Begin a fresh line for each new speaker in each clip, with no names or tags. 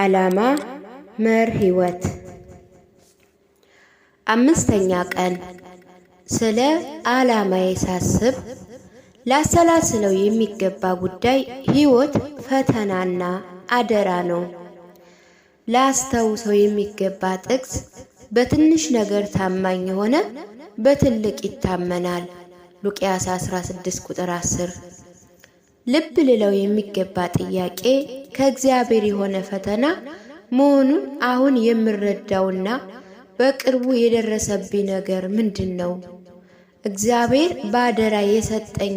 ዓላማ መር ህይወት አምስተኛ ቀን ስለ ዓላማዬ የሳስብ ላሰላስለው የሚገባ ጉዳይ ህይወት ፈተናና አደራ ነው። ላስተውሰው የሚገባ ጥቅስ በትንሽ ነገር ታማኝ የሆነ በትልቅ ይታመናል። ሉቅያስ 16 ቁጥር 10 ልብ ልለው የሚገባ ጥያቄ ከእግዚአብሔር የሆነ ፈተና መሆኑን አሁን የምረዳውና በቅርቡ የደረሰብኝ ነገር ምንድን ነው? እግዚአብሔር በአደራ የሰጠኝ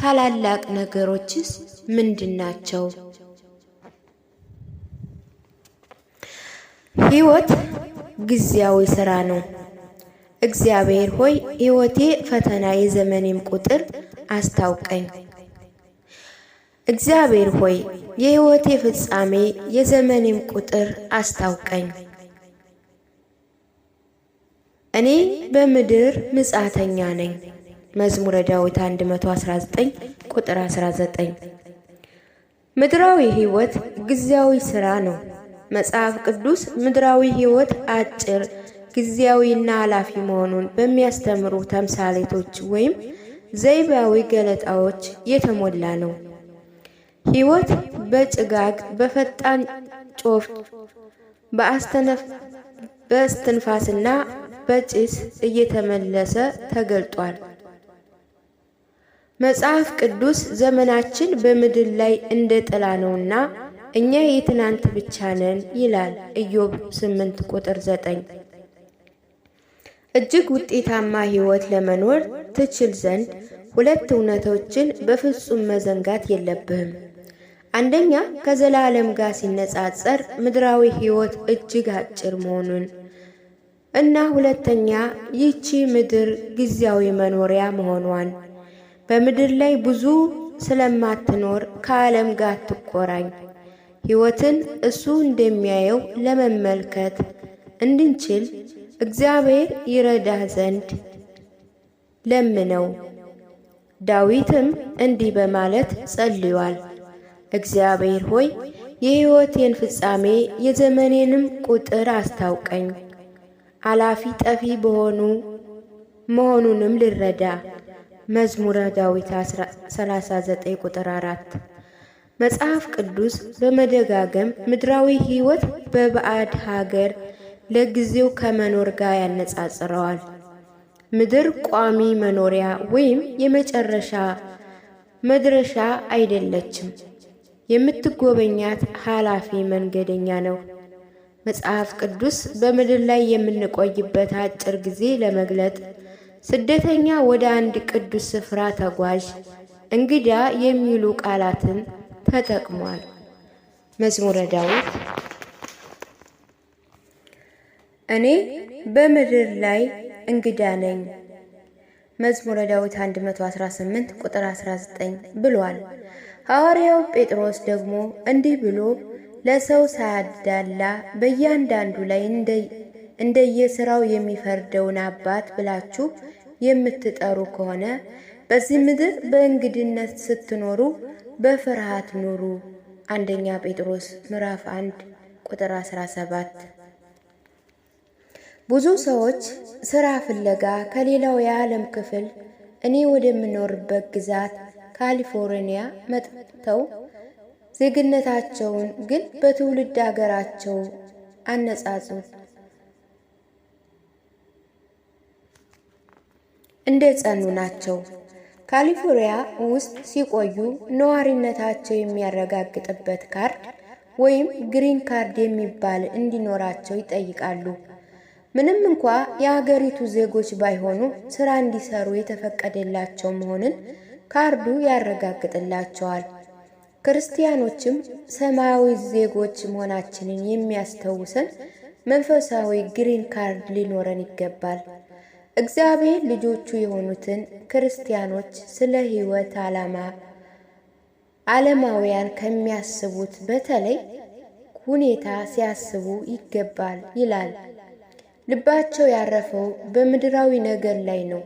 ታላላቅ ነገሮችስ ምንድን ናቸው? ሕይወት ጊዜያዊ ስራ ነው። እግዚአብሔር ሆይ ሕይወቴ ፈተና የዘመኔም ቁጥር አስታውቀኝ። እግዚአብሔር ሆይ የሕይወቴ ፍጻሜ የዘመኔም ቁጥር አስታውቀኝ። እኔ በምድር ምጻተኛ ነኝ። መዝሙረ ዳዊት 119 ቁጥር 19። ምድራዊ ሕይወት ጊዜያዊ ሥራ ነው። መጽሐፍ ቅዱስ ምድራዊ ሕይወት አጭር፣ ጊዜያዊና ኃላፊ መሆኑን በሚያስተምሩ ተምሳሌቶች ወይም ዘይባዊ ገለጣዎች የተሞላ ነው። ሕይወት በጭጋግ በፈጣን ጮፍ በስትንፋስና በጭስ እየተመለሰ ተገልጧል። መጽሐፍ ቅዱስ ዘመናችን በምድር ላይ እንደ ጥላ ነውና እኛ የትናንት ብቻ ነን ይላል ኢዮብ 8 ቁጥር 9። እጅግ ውጤታማ ሕይወት ለመኖር ትችል ዘንድ ሁለት እውነቶችን በፍጹም መዘንጋት የለብህም። አንደኛ ከዘላለም ጋር ሲነጻጸር ምድራዊ ሕይወት እጅግ አጭር መሆኑን እና ሁለተኛ ይቺ ምድር ጊዜያዊ መኖሪያ መሆኗን በምድር ላይ ብዙ ስለማትኖር ከዓለም ጋር አትቆራኝ። ሕይወትን እሱ እንደሚያየው ለመመልከት እንድንችል እግዚአብሔር ይረዳ ዘንድ ለምነው። ዳዊትም እንዲህ በማለት ጸልዩዋል። እግዚአብሔር ሆይ የሕይወቴን ፍጻሜ የዘመኔንም ቁጥር አስታውቀኝ፣ አላፊ ጠፊ በሆኑ መሆኑንም ልረዳ። መዝሙረ ዳዊት 39 ቁጥር 4። መጽሐፍ ቅዱስ በመደጋገም ምድራዊ ሕይወት በባዕድ ሀገር ለጊዜው ከመኖር ጋር ያነጻጽረዋል። ምድር ቋሚ መኖሪያ ወይም የመጨረሻ መድረሻ አይደለችም። የምትጎበኛት ኃላፊ መንገደኛ ነው። መጽሐፍ ቅዱስ በምድር ላይ የምንቆይበት አጭር ጊዜ ለመግለጥ ስደተኛ ወደ አንድ ቅዱስ ስፍራ ተጓዥ፣ እንግዳ የሚሉ ቃላትን ተጠቅሟል። መዝሙረ ዳዊት እኔ በምድር ላይ እንግዳ ነኝ፣ መዝሙረ ዳዊት 118 ቁጥር 19 ብሏል። ሐዋርያው ጴጥሮስ ደግሞ እንዲህ ብሎ ለሰው ሳያዳላ በእያንዳንዱ ላይ እንደየሥራው የሚፈርደውን አባት ብላችሁ የምትጠሩ ከሆነ በዚህ ምድር በእንግድነት ስትኖሩ በፍርሃት ኑሩ። አንደኛ ጴጥሮስ ምዕራፍ 1 ቁጥር 17። ብዙ ሰዎች ሥራ ፍለጋ ከሌላው የዓለም ክፍል እኔ ወደምኖርበት ግዛት ካሊፎርኒያ መጥተው ዜግነታቸውን ግን በትውልድ ሀገራቸው አነጻጽ እንደ ጸኑ ናቸው። ካሊፎርኒያ ውስጥ ሲቆዩ ነዋሪነታቸው የሚያረጋግጥበት ካርድ ወይም ግሪን ካርድ የሚባል እንዲኖራቸው ይጠይቃሉ። ምንም እንኳ የአገሪቱ ዜጎች ባይሆኑ ስራ እንዲሰሩ የተፈቀደላቸው መሆንን ካርዱ ያረጋግጥላቸዋል። ክርስቲያኖችም ሰማያዊ ዜጎች መሆናችንን የሚያስታውሰን መንፈሳዊ ግሪን ካርድ ሊኖረን ይገባል። እግዚአብሔር ልጆቹ የሆኑትን ክርስቲያኖች ስለ ሕይወት ዓላማ ዓለማውያን ከሚያስቡት በተለይ ሁኔታ ሲያስቡ ይገባል ይላል። ልባቸው ያረፈው በምድራዊ ነገር ላይ ነው።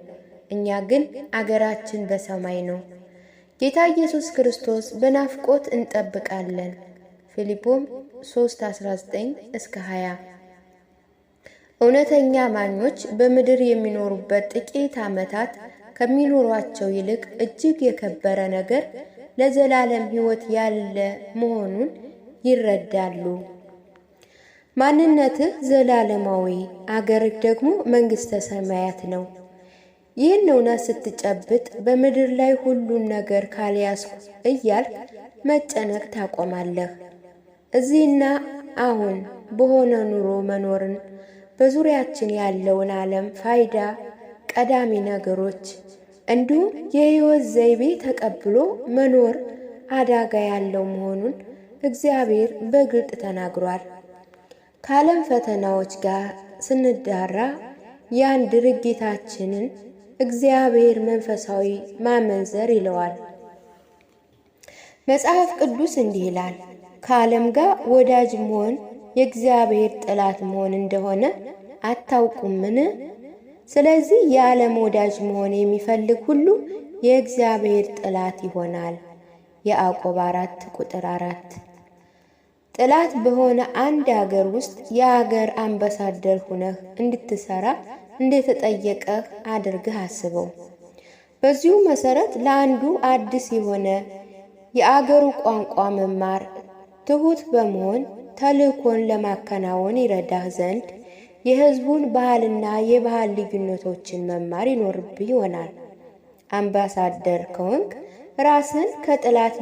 እኛ ግን አገራችን በሰማይ ነው። ጌታ ኢየሱስ ክርስቶስ በናፍቆት እንጠብቃለን። ፊልጶም 3:19 እስከ 20 እውነተኛ አማኞች በምድር የሚኖሩበት ጥቂት ዓመታት ከሚኖሯቸው ይልቅ እጅግ የከበረ ነገር ለዘላለም ሕይወት ያለ መሆኑን ይረዳሉ። ማንነትህ ዘላለማዊ፣ አገርህ ደግሞ መንግሥተ ሰማያት ነው። ይህን እውነት ስትጨብጥ በምድር ላይ ሁሉን ነገር ካልያዝኩ እያልክ መጨነቅ ታቆማለህ። እዚህና አሁን በሆነ ኑሮ መኖርን በዙሪያችን ያለውን ዓለም ፋይዳ፣ ቀዳሚ ነገሮች እንዲሁም የሕይወት ዘይቤ ተቀብሎ መኖር አደጋ ያለው መሆኑን እግዚአብሔር በግልጥ ተናግሯል። ከዓለም ፈተናዎች ጋር ስንዳራ ያን ድርጊታችንን እግዚአብሔር መንፈሳዊ ማመንዘር ይለዋል። መጽሐፍ ቅዱስ እንዲህ ይላል፣ ከዓለም ጋር ወዳጅ መሆን የእግዚአብሔር ጠላት መሆን እንደሆነ አታውቁምን? ስለዚህ የዓለም ወዳጅ መሆን የሚፈልግ ሁሉ የእግዚአብሔር ጠላት ይሆናል። ያዕቆብ አራት ቁጥር አራት ጠላት በሆነ አንድ አገር ውስጥ የአገር አምባሳደር ሁነህ እንድትሰራ እንደተጠየቀህ አድርግህ አስበው። በዚሁ መሰረት ለአንዱ አዲስ የሆነ የአገሩ ቋንቋ መማር ትሁት በመሆን ተልእኮን ለማከናወን ይረዳህ ዘንድ የህዝቡን ባህልና የባህል ልዩነቶችን መማር ይኖርብህ ይሆናል። አምባሳደር ከሆንክ ራስን ከጥላት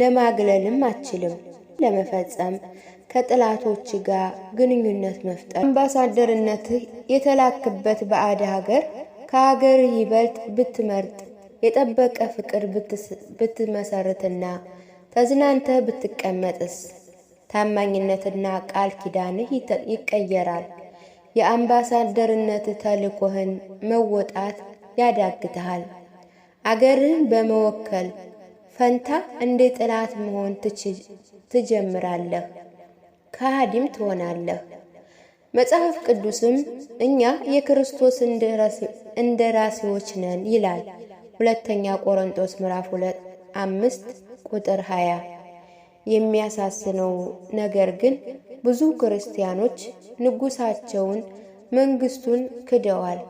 ለማግለልም አትችልም ለመፈጸም ከጥላቶች ጋር ግንኙነት መፍጠር። አምባሳደርነትህ የተላክበት ባዕድ ሀገር ከሀገር ይበልጥ ብትመርጥ የጠበቀ ፍቅር ብትመሰርትና ተዝናንተ ብትቀመጥስ ታማኝነትና ቃል ኪዳንህ ይቀየራል። የአምባሳደርነት ተልእኮህን መወጣት ያዳግትሃል። አገርህን በመወከል ፈንታ እንደ ጥላት መሆን ትጀምራለህ። ከሃዲም ትሆናለህ። መጽሐፍ ቅዱስም እኛ የክርስቶስ እንደራሴዎች ነን ይላል። ሁለተኛ ቆሮንቶስ ምዕራፍ ሁለት አምስት ቁጥር ሃያ የሚያሳስነው ነገር ግን ብዙ ክርስቲያኖች ንጉሳቸውን መንግስቱን ክደዋል።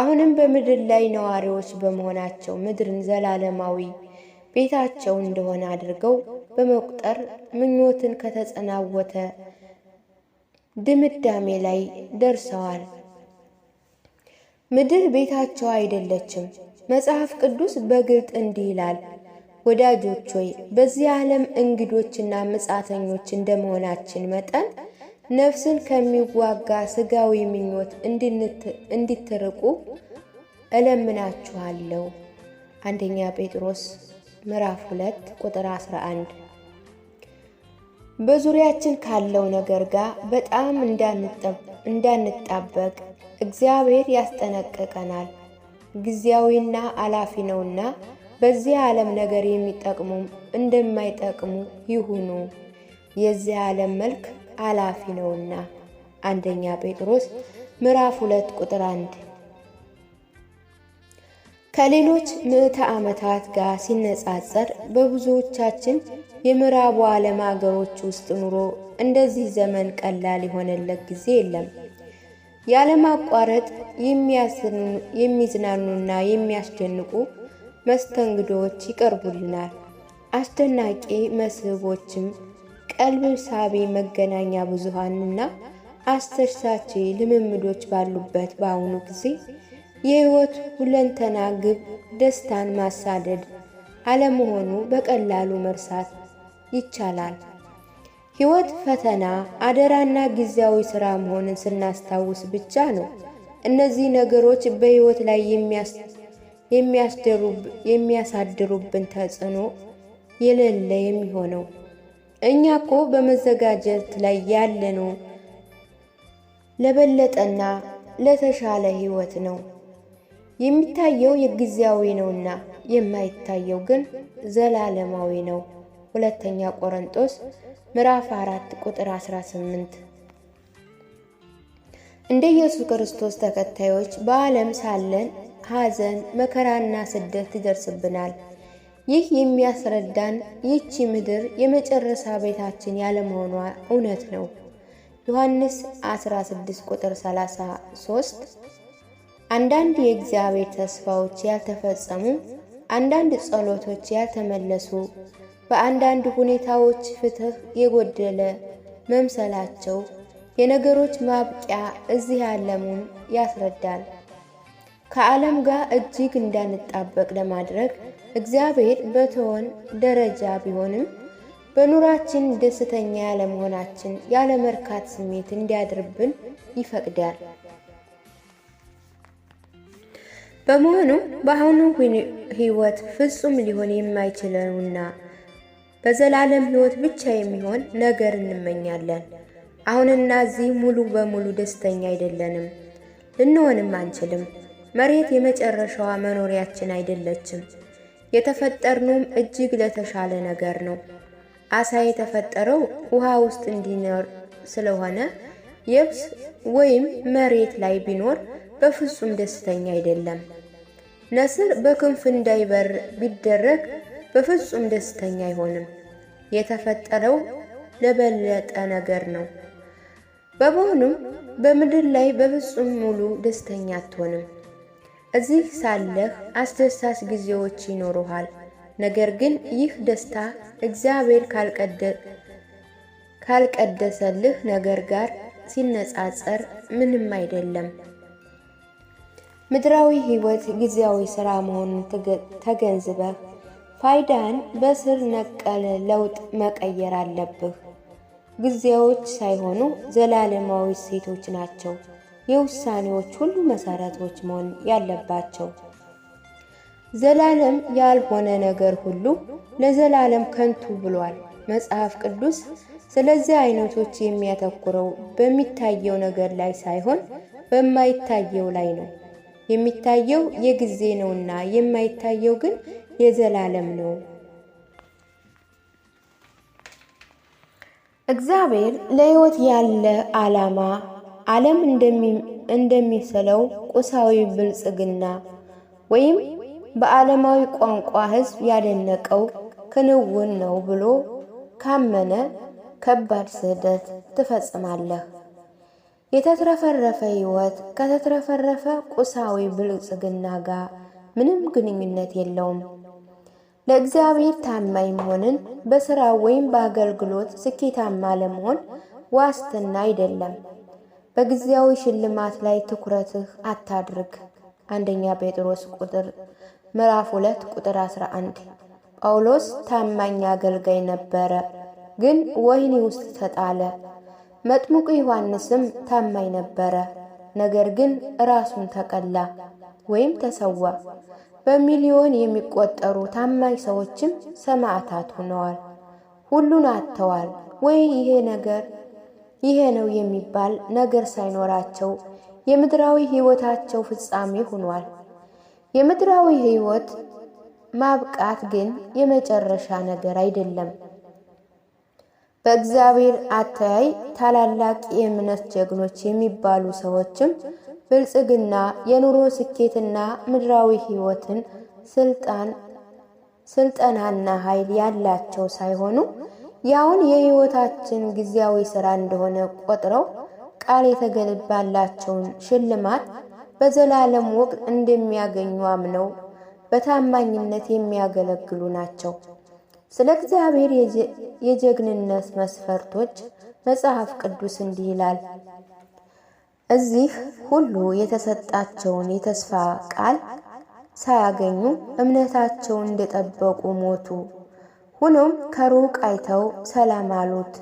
አሁንም በምድር ላይ ነዋሪዎች በመሆናቸው ምድርን ዘላለማዊ ቤታቸው እንደሆነ አድርገው በመቁጠር ምኞትን ከተጸናወተ ድምዳሜ ላይ ደርሰዋል። ምድር ቤታቸው አይደለችም። መጽሐፍ ቅዱስ በግልጥ እንዲህ ይላል፣ ወዳጆች ሆይ በዚህ ዓለም እንግዶችና መጻተኞች እንደመሆናችን መጠን ነፍስን ከሚዋጋ ስጋዊ ምኞት እንድትርቁ እለምናችኋለሁ። አንደኛ ጴጥሮስ ምዕራፍ 2 ቁጥር 11 በዙሪያችን ካለው ነገር ጋር በጣም እንዳንጣበቅ እግዚአብሔር ያስጠነቅቀናል። ጊዜያዊና አላፊ ነውና በዚህ ዓለም ነገር የሚጠቅሙ እንደማይጠቅሙ ይሁኑ። የዚህ ዓለም መልክ አላፊ ነውና። አንደኛ ጴጥሮስ ምዕራፍ 2 ቁጥር 1 ከሌሎች ምዕተ ዓመታት ጋር ሲነጻጸር በብዙዎቻችን የምዕራቡ ዓለም አገሮች ውስጥ ኑሮ እንደዚህ ዘመን ቀላል የሆነለት ጊዜ የለም። ያለማቋረጥ የሚዝናኑና የሚያስደንቁ መስተንግዶዎች ይቀርቡልናል። አስደናቂ መስህቦችም ቀልብ ሳቢ መገናኛ ብዙሃንና አስተርሳች ልምምዶች ባሉበት በአሁኑ ጊዜ የሕይወት ሁለንተና ግብ ደስታን ማሳደድ አለመሆኑ በቀላሉ መርሳት ይቻላል። ሕይወት ፈተና፣ አደራና ጊዜያዊ ሥራ መሆንን ስናስታውስ ብቻ ነው እነዚህ ነገሮች በህይወት ላይ የሚያሳድሩብን ተጽዕኖ የሌለ የሚሆነው። እኛ እኮ በመዘጋጀት ላይ ያለነው ለበለጠና ለተሻለ ህይወት ነው። የሚታየው የጊዜያዊ ነውና የማይታየው ግን ዘላለማዊ ነው። ሁለተኛ ቆሮንቶስ ምዕራፍ 4 ቁጥር 18። እንደ ኢየሱስ ክርስቶስ ተከታዮች በዓለም ሳለን ሐዘን፣ መከራና ስደት ይደርስብናል። ይህ የሚያስረዳን ይህቺ ምድር የመጨረሻ ቤታችን ያለመሆኗ እውነት ነው። ዮሐንስ 16 ቁጥር 33 አንዳንድ የእግዚአብሔር ተስፋዎች ያልተፈጸሙ፣ አንዳንድ ጸሎቶች ያልተመለሱ፣ በአንዳንድ ሁኔታዎች ፍትህ የጎደለ መምሰላቸው የነገሮች ማብቂያ እዚህ ዓለሙን ያስረዳል። ከዓለም ጋር እጅግ እንዳንጣበቅ ለማድረግ እግዚአብሔር በተወን ደረጃ ቢሆንም በኑራችን ደስተኛ ያለመሆናችን ያለመርካት ስሜት እንዲያድርብን ይፈቅዳል። በመሆኑ በአሁኑ ህይወት ፍጹም ሊሆን የማይችለውና በዘላለም ህይወት ብቻ የሚሆን ነገር እንመኛለን። አሁንና እዚህ ሙሉ በሙሉ ደስተኛ አይደለንም፣ ልንሆንም አንችልም። መሬት የመጨረሻዋ መኖሪያችን አይደለችም። የተፈጠርነውም እጅግ ለተሻለ ነገር ነው። አሳ የተፈጠረው ውሃ ውስጥ እንዲኖር ስለሆነ የብስ ወይም መሬት ላይ ቢኖር በፍጹም ደስተኛ አይደለም። ነስር በክንፍ እንዳይበር ቢደረግ በፍጹም ደስተኛ አይሆንም። የተፈጠረው ለበለጠ ነገር ነው። በመሆኑም በምድር ላይ በፍጹም ሙሉ ደስተኛ አትሆንም። እዚህ ሳለህ አስደሳች ጊዜዎች ይኖሩሃል። ነገር ግን ይህ ደስታ እግዚአብሔር ካልቀደሰልህ ነገር ጋር ሲነጻጸር ምንም አይደለም። ምድራዊ ሕይወት ጊዜያዊ ሥራ መሆኑን ተገንዝበህ ፋይዳን በስር ነቀል ለውጥ መቀየር አለብህ። ጊዜዎች ሳይሆኑ ዘላለማዊ እሴቶች ናቸው የውሳኔዎች ሁሉ መሰረቶች መሆን ያለባቸው። ዘላለም ያልሆነ ነገር ሁሉ ለዘላለም ከንቱ ብሏል መጽሐፍ ቅዱስ። ስለዚህ አይነቶች የሚያተኩረው በሚታየው ነገር ላይ ሳይሆን በማይታየው ላይ ነው። የሚታየው የጊዜ ነውና የማይታየው ግን የዘላለም ነው። እግዚአብሔር ለሕይወት ያለ ዓላማ ዓለም እንደሚስለው ቁሳዊ ብልጽግና ወይም በዓለማዊ ቋንቋ ሕዝብ ያደነቀው ክንውን ነው ብሎ ካመነ ከባድ ስህተት ትፈጽማለህ። የተትረፈረፈ ሕይወት ከተትረፈረፈ ቁሳዊ ብልጽግና ጋር ምንም ግንኙነት የለውም። ለእግዚአብሔር ታማኝ መሆንን በስራ ወይም በአገልግሎት ስኬታማ ለመሆን ዋስትና አይደለም። በጊዜያዊ ሽልማት ላይ ትኩረትህ አታድርግ። አንደኛ ጴጥሮስ ቁጥር ምዕራፍ 2 ቁጥር 11 ጳውሎስ ታማኝ አገልጋይ ነበረ፣ ግን ወህኒ ውስጥ ተጣለ። መጥምቁ ዮሐንስም ታማኝ ነበረ፣ ነገር ግን ራሱን ተቀላ ወይም ተሰዋ። በሚሊዮን የሚቆጠሩ ታማኝ ሰዎችም ሰማዕታት ሆነዋል። ሁሉን አጥተዋል ወይ ይሄ ነገር ይሄ ነው የሚባል ነገር ሳይኖራቸው የምድራዊ ሕይወታቸው ፍጻሜ ሆኗል። የምድራዊ ሕይወት ማብቃት ግን የመጨረሻ ነገር አይደለም። በእግዚአብሔር አተያይ ታላላቅ የእምነት ጀግኖች የሚባሉ ሰዎችም ብልጽግና፣ የኑሮ ስኬትና ምድራዊ ሕይወትን ስልጣን ስልጠናና ኃይል ያላቸው ሳይሆኑ ያውን የሕይወታችን ጊዜያዊ ሥራ እንደሆነ ቆጥረው ቃል የተገለባላቸውን ሽልማት በዘላለም ወቅት እንደሚያገኙ አምነው በታማኝነት የሚያገለግሉ ናቸው። ስለ እግዚአብሔር የጀግንነት መስፈርቶች መጽሐፍ ቅዱስ እንዲህ ይላል። እዚህ ሁሉ የተሰጣቸውን የተስፋ ቃል ሳያገኙ እምነታቸውን እንደጠበቁ ሞቱ። ሆኖም ከሩቅ አይተው ሰላም አሉት።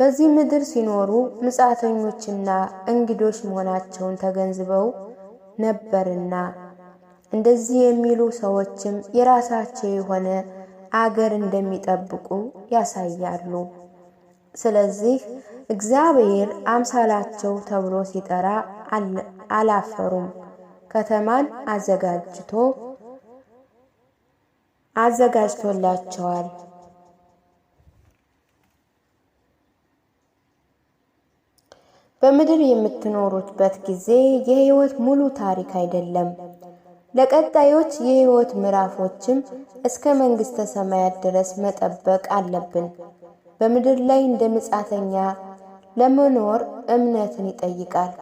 በዚህ ምድር ሲኖሩ ምጻተኞችና እንግዶች መሆናቸውን ተገንዝበው ነበርና እንደዚህ የሚሉ ሰዎችም የራሳቸው የሆነ አገር እንደሚጠብቁ ያሳያሉ። ስለዚህ እግዚአብሔር አምሳላቸው ተብሎ ሲጠራ አላፈሩም። ከተማን አዘጋጅቶ አዘጋጅቶላቸዋል። በምድር የምትኖሩበት ጊዜ የሕይወት ሙሉ ታሪክ አይደለም። ለቀጣዮች የህይወት ምዕራፎችም እስከ መንግሥተ ሰማያት ድረስ መጠበቅ አለብን። በምድር ላይ እንደ ምጻተኛ ለመኖር እምነትን ይጠይቃል።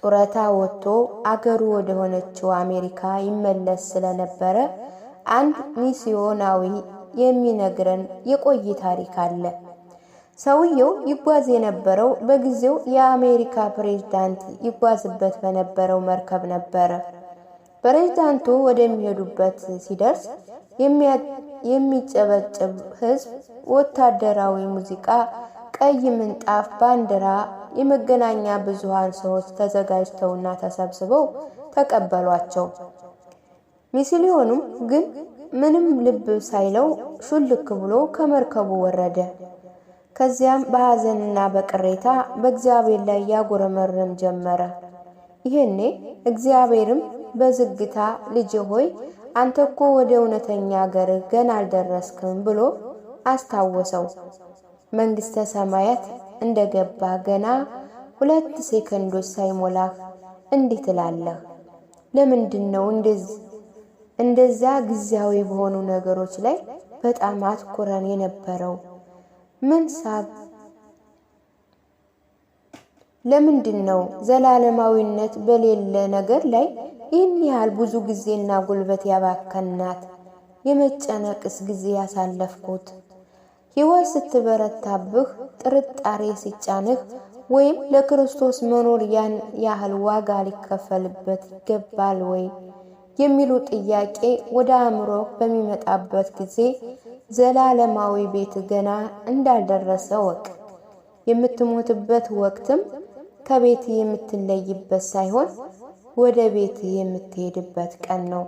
ጡረታ ወጥቶ አገሩ ወደ ሆነችው አሜሪካ ይመለስ ስለነበረ አንድ ሚስዮናዊ የሚነግረን የቆየ ታሪክ አለ። ሰውየው ይጓዝ የነበረው በጊዜው የአሜሪካ ፕሬዝዳንት ይጓዝበት በነበረው መርከብ ነበረ። ፕሬዝዳንቱ ወደሚሄዱበት ሲደርስ የሚጨበጭብ ህዝብ፣ ወታደራዊ ሙዚቃ፣ ቀይ ምንጣፍ፣ ባንዲራ፣ የመገናኛ ብዙሃን ሰዎች ተዘጋጅተውና ተሰብስበው ተቀበሏቸው። ሚስሊዮኑም ግን ምንም ልብ ሳይለው ሹልክ ብሎ ከመርከቡ ወረደ። ከዚያም በሐዘንና በቅሬታ በእግዚአብሔር ላይ ያጉረመርም ጀመረ። ይህኔ እግዚአብሔርም በዝግታ ልጅ ሆይ አንተ እኮ ወደ እውነተኛ አገርህ ገና አልደረስክም ብሎ አስታወሰው። መንግስተ ሰማያት እንደገባ ገና ሁለት ሴከንዶች ሳይሞላህ እንዲህ ትላለህ። ለምንድን ነው እንደዚያ ጊዜያዊ በሆኑ ነገሮች ላይ በጣም አትኩረን የነበረው? ምን ሳብ ለምንድን ነው ዘላለማዊነት በሌለ ነገር ላይ ይህን ያህል ብዙ ጊዜና ጉልበት ያባከናት? የመጨነቅስ ጊዜ ያሳለፍኩት? ሕይወት ስትበረታብህ፣ ጥርጣሬ ሲጫንህ፣ ወይም ለክርስቶስ መኖር ያን ያህል ዋጋ ሊከፈልበት ይገባል ወይ የሚሉ ጥያቄ ወደ አእምሮ በሚመጣበት ጊዜ ዘላለማዊ ቤት ገና እንዳልደረሰ ወቅ የምትሞትበት ወቅትም ከቤት የምትለይበት ሳይሆን ወደ ቤት የምትሄድበት ቀን ነው።